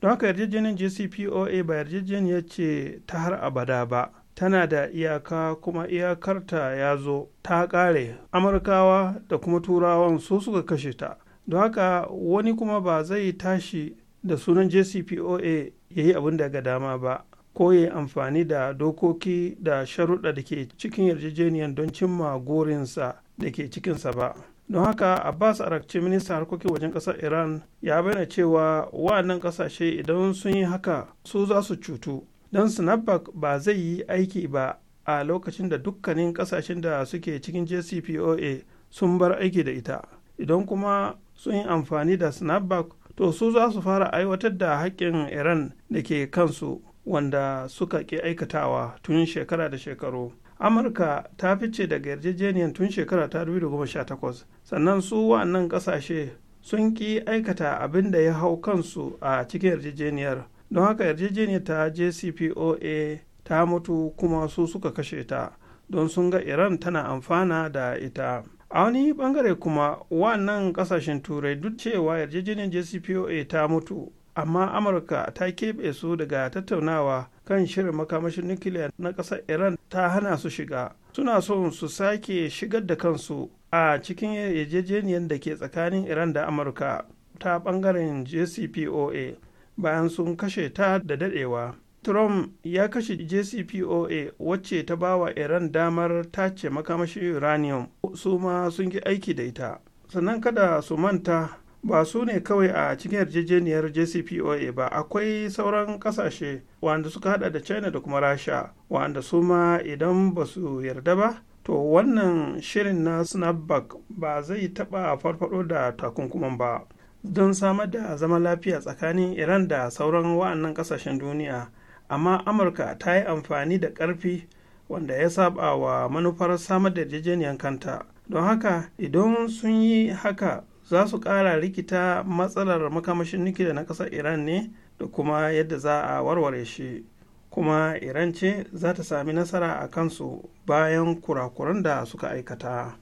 don haka yarjejeniyar jcpoa ba yarjejeniyar ce ta har abada ba tana da iyaka kuma iyakarta ya zo ta ƙare amurkawa da kuma turawan su suka kashe ta don haka wani kuma ba zai tashi da sunan jcpoa ya yi abin daga dama ba ko ya yi amfani da dokoki da sharuɗa da ke cikin yarjejeniyar don cimma gorinsa da ke cikinsa ba don haka abbas arakci minista harkokin wajen ƙasar iran ya bayyana cewa wa'annan ƙasashe idan sun yi haka su za su cutu don snapback ba zai yi aiki ba a lokacin da dukkanin ƙasashen da suke cikin jcpoa sun bar aiki da ita idan kuma sun yi amfani da snapback to su za su fara aiwatar da haƙƙin iran da ke kansu wanda suka ƙi aikatawa tun shekara da shekaru amurka ta fice daga yarjejeniyar tun shekara ta 2018 sannan su wa'annan ƙasashe sun ƙi aikata abin da ya hau kansu a cikin yarjejeniyar don haka yarjejeniyar ta jcpoa ta mutu kuma su suka kashe ta don sun ga iran tana amfana da ita a wani bangare kuma wannan kasashen turai duk cewa yarjejeniyar jcpoa ta mutu amma amurka ta keɓe su daga tattaunawa kan shirin makamashin nukiliya na ƙasar iran ta hana su shiga suna so su sake shigar da kansu a cikin yarjejeniyar da ke tsakanin iran da amurka ta bangaren jcpoa bayan sun kashe ta da daɗewa trump ya kashe jcpoa wacce ta bawa iran damar tace makamashi uranium su ma sun ki aiki da ita sannan kada su manta ba su ne kawai a cikin yarjejeniyar jcpoa ba akwai sauran kasashe wanda suka hada da china da kuma rasha wanda su ma idan ba su yarda ba to wannan shirin na snapback ba zai taba farfado da takunkuman ba don samar da zaman lafiya tsakanin iran da sauran wa'annan kasashen duniya amma amurka ta yi amfani da ƙarfi wanda ya saba wa manufar samar da yarjejeniyar kanta don haka idan sun yi haka za su ƙara rikita matsalar makamashin nukiliya na ƙasar iran ne da kuma yadda za a warware shi kuma iran ce za ta sami nasara a kansu bayan kurakuran da suka aikata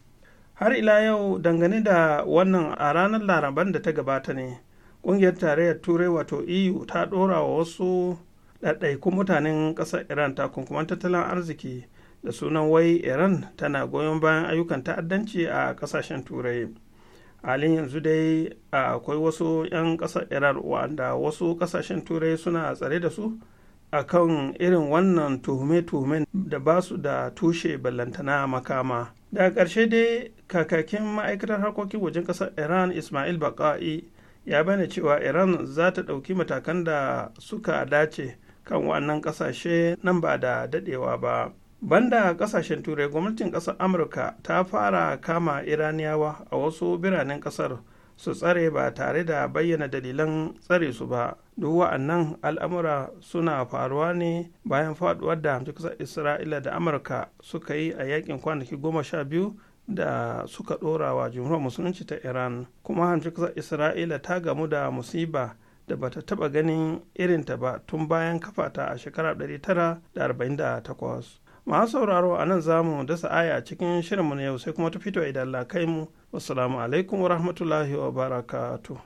har ila yau dangane da wannan a ranar laraban da ta gabata ne ƙungiyar tarayyar turai wato eu ta ɗora wa wasu ɗaiɗaikun mutanen ƙasar iran ta kunkuman tattalin arziki da sunan wai iran tana goyon bayan ayyukan ta'addanci a ƙasashen turai halin yanzu dai akwai wasu 'yan ƙasar iran wanda wasu ƙasashen turai suna tsare da su a kan irin wannan tuhume-tuhumen da ba su da tushe ballantana makama daga ƙarshe dai kakakin ma'aikatar harkokin wajen ƙasar iran ismail baka'i ya bayyana cewa iran za ta ɗauki matakan da suka dace kan wannan kasashe nan ba da dadewa ba banda kasashen turai gwamnatin kasar amurka ta fara kama iraniyawa a wasu biranen kasar su tsare ba tare da bayyana dalilan tsare su ba duk wa'annan al'amura suna faruwa ne bayan faduwar da kasar isra'ila da amurka suka yi a yakin kwanaki goma sha biyu da suka dora wa jumhuriyar musulunci ta iran kuma hanci kasar isra'ila ta gamu da musiba da ba ta taɓa ganin irinta ba tun bayan kafata a shekara 1948 masu sauraro a nan zamu dasa aya a cikin shirinmu na yau sai kuma ta fito idan la kai mu wassalamu alaikum wa rahmatullahi wa barakatuh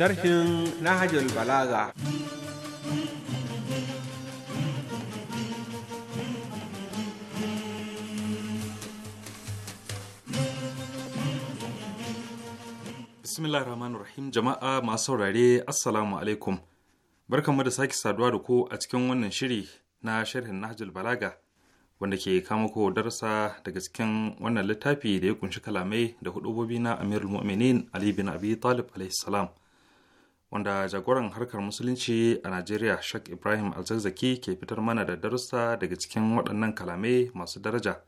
sharhin Nahajul Balaga. Bismillah rahman rahim jama'a masu saurare assalamu alaikum barkanmu da sake saduwa da ku a cikin wannan shiri na sharhin Nahjul Balaga wanda ke kama ko darsa daga cikin wannan littafi da ya kunshi kalamai da hudubobi na Amirul Mu'minin Ali bin Abi Talib alaihi salam wanda jagoran harkar musulunci a najeriya shak ibrahim alzazzaki ke fitar mana da darussa daga cikin waɗannan kalamai masu daraja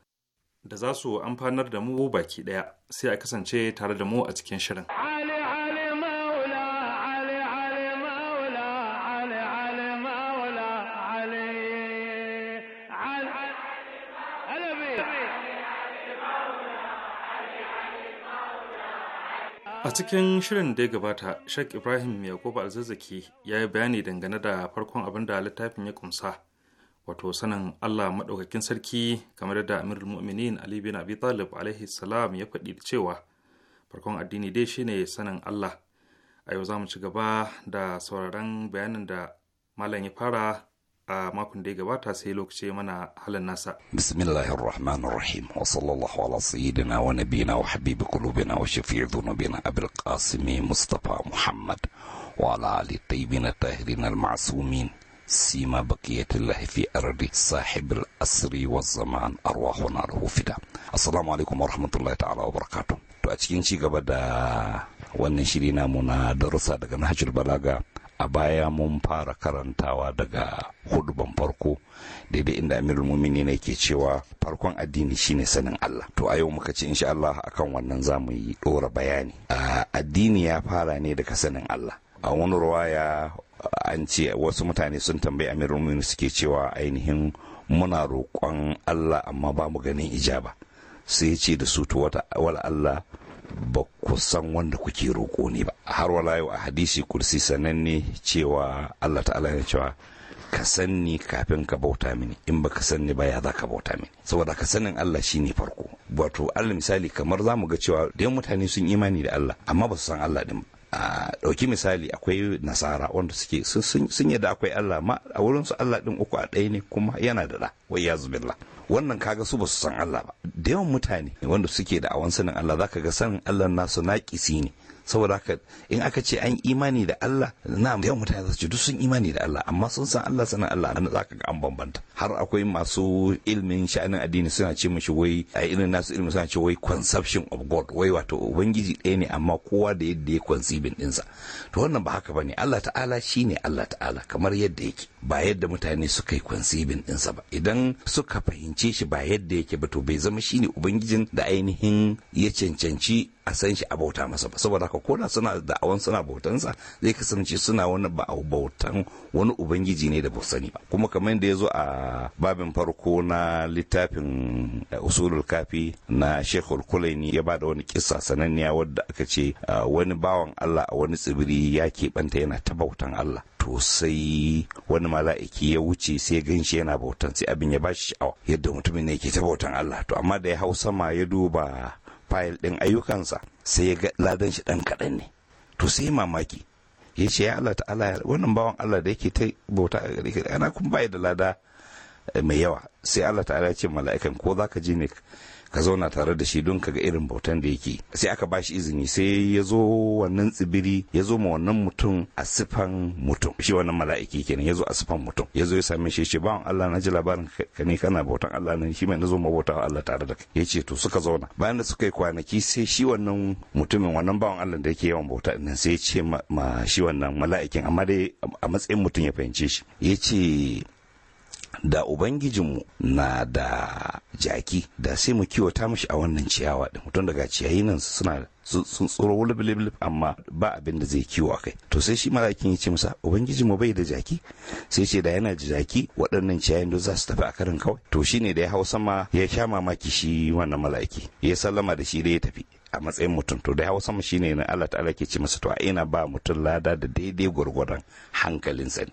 da za su amfanar da mu baki ɗaya sai a kasance tare da mu a cikin shirin. a cikin shirin da ya gabata sheikh ibrahim yakubu alzazzaki ya yi bayani dangane da farkon abin da littafin ya kumsa wato sanin allah maɗaukakin sarki kamar da Amir mu'minin ali bin abi talib alaihi salam ya faɗi cewa farkon addini dai shine sanin allah a yau za mu ci gaba da sauraron bayanin da malam ya fara a makon da ya gabata sai lokaci mana halin nasa. Bismillahir Rahmanir Rahim wa sallallahu ala sayyidina wa nabiyina wa habibi qulubina wa shafi'i dhunubina Abul Qasim Mustafa Muhammad wa ala ali tayyibin tahirin al ma'sumin سيما بقية الله في asri wa Zaman والزمان أرواحنا له فدا alaikum wa rahmatullahi ta'ala wa وبركاته to a cikin ci gaba da wannan shiri namu na darussa daga nahjul balaga a baya mun fara karantawa daga huduban farko daidai inda amirul mumini ne ke cewa farkon addini shine sanin Allah to a yau muka ce insha Allah akan wannan zamu yi dora bayani addini ya fara ne daga sanin Allah a wani ruwaya an ce wasu mutane sun tambayi amirul mumini suke cewa ainihin muna roƙon Allah amma ba mu ganin ijaba sai ce da su to wala Allah ba ku san wanda kuke roƙo ne ba har wala yau a hadisi kursi sananne cewa Allah ta'ala ya cewa ka sanni kafin ka bauta mini in ba ka sanni ba ya za ka bauta mini saboda ka sanin Allah shine farko wato Allah misali kamar za mu ga cewa da mutane sun imani da Allah amma ba su san Allah din a ɗauki misali akwai nasara wanda suke sun yadda akwai Allah ma a wurinsu Allah ɗin uku a ɗaya ne kuma yana da da, wai ya Allah wannan kaga su ba su san Allah ba da yawan mutane wanda suke da awan sanin Allah zaka ga sanin Allah nasu naƙisi ne saboda haka in aka ce an imani da Allah na yawan mutane za su ce duk sun imani da Allah amma sun san Allah sanan Allah an zaka ga an bambanta har akwai masu ilmin sha'anin addini suna ce mishi wai a irin nasu ilmin suna ce wai conception of God wai wato ubangiji ɗaya ne amma kowa da yadda ya conceiving ɗinsa to wannan ba haka bane Allah ta'ala shine Allah ta'ala kamar yadda yake ba yadda mutane suka yi conceiving ɗinsa ba idan suka fahimce shi ba yadda yake ba to bai zama shine ubangijin da ainihin ya cancanci a san shi a bauta masa ba saboda haka koda suna awan suna bautansa zai kasance suna wani ba bautan wani ubangiji ne da ba sani ba kuma kamar yadda ya zo a babin farko na littafin eh, usulul kafi na shekul kulaini ya ba da wani kisa sananniya wadda aka ce ah, wani bawan allah a wani tsibiri ya keɓanta yana ta bautan allah to sai wani mala'iki ya wuce sai gan shi yana bautan sai abin ya ba shi sha'awa yadda mutumin ne ke ta bautan Allah to amma da ya hau sama ya duba fayil ɗin ayyukansa sai ya ga ladan shi ɗan kaɗan ne to sai mamaki ya ce ya Allah ta'ala wannan bawan Allah da yake ta bauta ana kun bai da lada mai yawa sai Allah ta'ala ya ce mala'ikan ko za ka ji ne ka zauna tare da shi don ka ga irin bautan da yake sai aka ba shi izini sai ya zo wannan tsibiri ya zo ma wannan mutum a sifan mutum shi wannan mala'iki kenan ya zo a sifan mutum ya zo ya same shi ce bawan Allah na ji labarin ka ne kana bautan Allah ne shi mai na zo ma bautawa Allah tare da kai ya ce to suka zauna bayan da suka yi kwanaki sai shi wannan mutumin wannan bawan Allah da yake yawan bauta din sai ya ce ma shi wannan mala'ikin amma dai a matsayin mutum ya fahimce shi ya ce da ubangijinmu na da jaki da sai mu kiwata mashi a wannan ciyawa din mutum daga ciyayi nan suna sun tsoro wulif amma ba abin da zai kiwo kai to sai shi malakin ya ce masa ubangiji mu bai da jaki sai ce da yana da jaki waɗannan ciyayin da za su tafi a karin kawai to shine da ya hau sama ya sha mamaki shi wannan malaki ya sallama da shi da ya tafi a matsayin mutum to da hau sama shine na Allah ta'ala ke ce masa to a ina ba mutum lada da daidai gwargwadon hankalinsa ne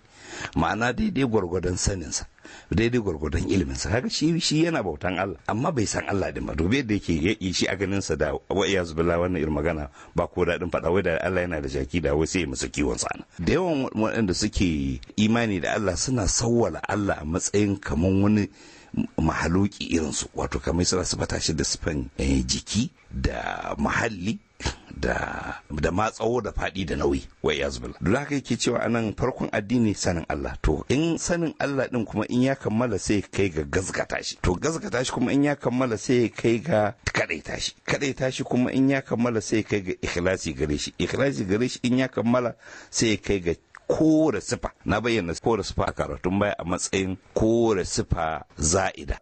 ma'ana daidai gwargwadon saninsa daidai gwargwadon iliminsa kaga shi shi yana bautan Allah amma bai san Allah din ba dobe da yake ya shi a ganin sa da wa iya billah wannan irin magana ba ko dadin faɗa wai da Allah yana da jaki da wai sai musu kiwon sa da yawan waɗanda suke imani da Allah suna sawwala Allah a matsayin kaman wani mahaluki irinsu wato kamar suna sifata shi da sifan eh, jiki da mahalli da da tsawo da fadi da nauyi wa yazbil don haka yake cewa anan farkon addini sanin Allah to in sanin Allah din kuma in ya kammala sai kai ga gazgata shi to gazgata shi kuma in ya kammala sai kai ga kadaita shi kadaita shi kuma in ya kammala sai kai ga ikhlasi gare shi ikhlasi gare shi in ya kammala sai kai ga kore sifa na bayyana kore sifa a karatun baya a matsayin kore sifa za'ida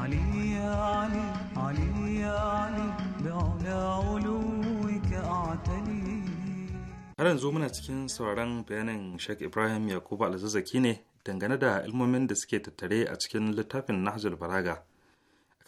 علي علي علي علي خدای بعلا علو har yanzu muna cikin sauraron bayanin Sheikh Ibrahim Yakubu Alzazzaki ne dangane da ilmomin da suke tattare a cikin littafin Nahjul Balaga.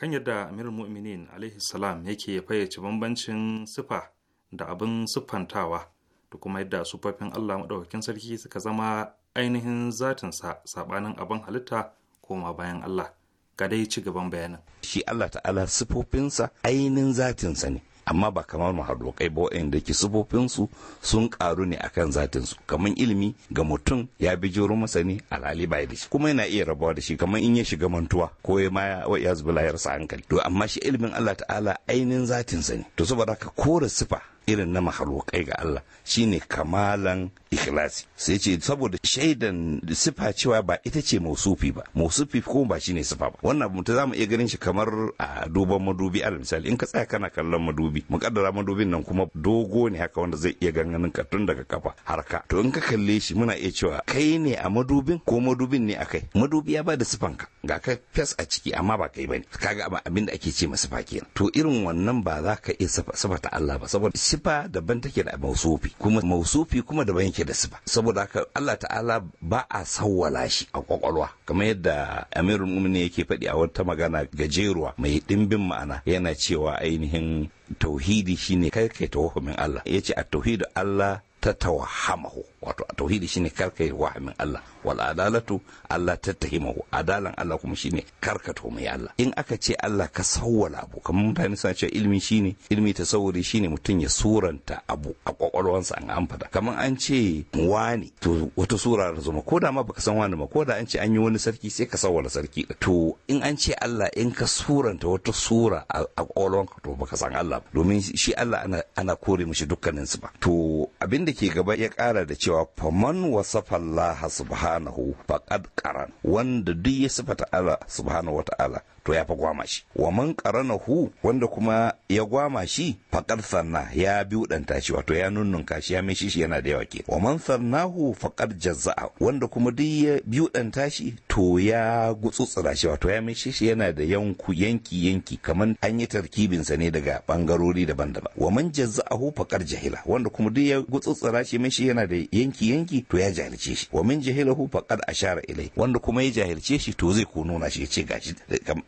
Kan yadda Amirul Mu'minin alaihi salam yake fayyace bambancin sifa da abin siffantawa da kuma yadda sufafin Allah maɗaukakin sarki suka zama ainihin zatinsa saɓanin abin halitta koma bayan Allah. Ga dai ci gaban bayanin. Shi Allah ta'ala sifofinsa ainihin zatinsa ne. amma ba kamar mahadokai ba waɗanda ke sufofinsu sun karu ne akan zatinsu kamar ilimi ga mutum ya bi jiro masa ne alhali ba da shi kuma yana iya rabuwa da shi kamar in ya shiga mantuwa ko ya ma ya zubi layarsa hankali to amma shi ilimin Allah ta'ala ainihin zatin zatinsa ne to saboda ka kore sifa irin na mahalokai ga Allah shine kamalan ikhlasi sai ce saboda shaidan sifa cewa ba ita ce mausufi ba mausufi ko ba shine sifa ba wannan abu ta zamu iya ganin shi kamar a duban madubi al misali in ka tsaya kana kallon madubi mu kaddara madubin nan kuma dogo ne haka wanda zai iya ganganin ka tun daga kafa har ka to in ka kalle shi muna iya cewa kai ne a madubin ko madubin ne a kai madubi ya ba da sifan ka ga ka fes a ciki amma ba kai bane kaga abin da ake ce masa fa to irin wannan ba za ka iya sifata Allah ba saboda sifa daban take da mausufi kuma mausufi kuma daban yake da sifa saboda haka Allah ta'ala ba a sawwala shi a kwakwalwa kamar yadda Amirul Mu'minin yake faɗi a wata magana gajeruwa mai dimbin ma'ana yana cewa ainihin tauhidi shine kai kai tawhumin Allah yace at-tauhidu Allah tawahamahu wato a tauhidi shine karka yi wahamin Allah wal adalatu Allah tattahimahu adalan Allah kuma shine karka mai Allah in aka ce Allah ka sawwala abu kamar mutane suna cewa ilimi shine ilimi tasawuri shine mutum ya suranta abu a kwakwalwansa an amfada kamar an ce wani to wata sura da zuma ko da ma baka san wani ma ko da an ce an yi wani sarki sai ka sawwala sarki to in an ce Allah in ka suranta wata sura a kwakwalwanka to baka san Allah domin shi Allah ana ana kore mishi dukkanin su ba to abinda da ke gaba ya kara da cewa faman wasafa subhanahu faqad karan wanda duk ya sifata Allah subhanahu wata'ala to ya fa gwama shi wa man hu wanda kuma ya gwama shi faqad sanna ya biudanta shi wato ya nunnunka shi ya mishi shi yana da yawa ke wa man sannahu faqad jazza'a wanda kuma duk ya biudanta shi to ya gutsutsura shi wato ya mishi shi yana da yanku yanki yanki kamar an yi tarkibin sa ne daga bangarori daban-daban wa man jazza'ahu faqad jahila wanda kuma duk ya gutsutsura shi mishi yana da yanki yanki to ya jahilce shi wa man jahilahu faqad ashara ilai wanda kuma ya jahilce shi to zai ko nuna shi ya ce gashi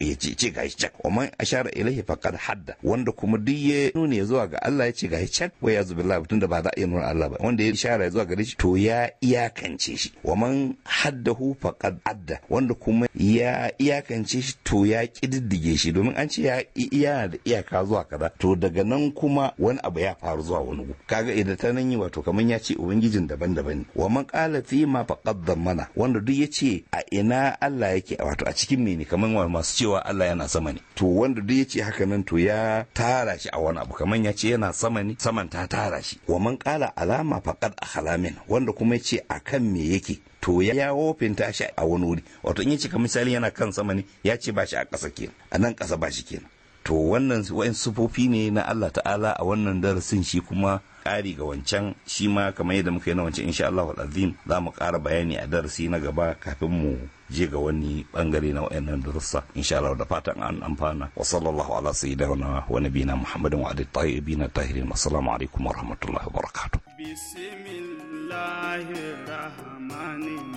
ya ce ce gashi can wa man ashara ilahi faqad hadda wanda kuma duk ya nuna ya zuwa ga Allah ya ce gashi can wa ya zubillah tunda ba za a iya nuna Allah ba wanda ya ishara ya zuwa gare shi to ya iyakance shi wa man haddahu faqad adda wanda kuma ya iyakance shi to ya kididdige shi domin an ce ya yana da iyaka zuwa kaza to daga nan kuma wani abu ya faru zuwa wani gu kaga idan ta nan yi wato kamar ya ce ubangijin daban-daban wa man qala fi ma faqaddam mana wanda duk ya ce a ina Allah yake wato a cikin me ne kamar masu cewa Allah yana sama ne to wanda duk ya ce haka nan to ya tara shi a wani abu kamar ya ce yana sama ne saman ta tara shi wa man qala alama faqad akhlamin wanda kuma ya ce akan me yake to ya wofin tashi a wani wuri wato in ya cika misali yana kan sama ne ya ce ba shi a ƙasa ke a nan ƙasa ba shi kenan to wannan wa'in sufofi ne na Allah ta'ala a wannan darasin shi kuma ƙari ga wancan shi ma kamar yadda muka yi na wancan insha Allah azim za mu ƙara bayani a darasi na gaba kafin mu je ga wani bangare na wayannan darussa insha Allah da fatan an amfana wa sallallahu ala sayyidina wa nabiyina muhammadin wa alihi tayyibin tahirin assalamu alaikum wa rahmatullahi wa barakatuh bismillahir rahmanir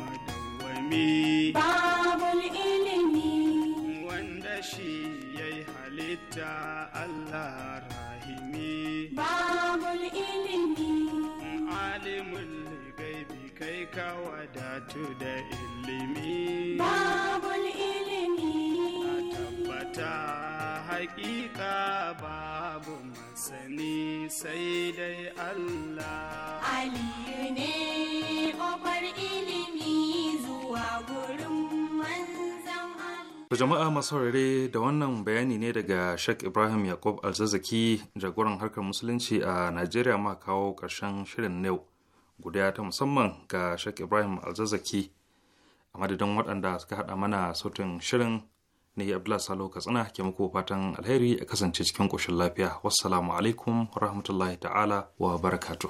babul ilimi wanda shi yayi halitta Allah rahimi babul ilimi alimul gaibi kai ka wadatu da ilimi babul ilimi a tabbata hakika babu masani sai dai Allah aliyu ne ƙofar ilimi zuwa gurin manzo jama'a masu saurare da wannan bayani ne daga Sheikh Ibrahim Yakub Alzazzaki jagoran harkar musulunci a Najeriya ma kawo ƙarshen shirin yau. Guda ta musamman ga Sheikh Ibrahim Alzazzaki a madadin waɗanda suka haɗa mana sautin shirin ne Abdullahi Salo Katsina ke muku fatan alheri a kasance cikin ƙoshin lafiya. Wassalamu alaikum rahmatullahi ta'ala wa barakatuh.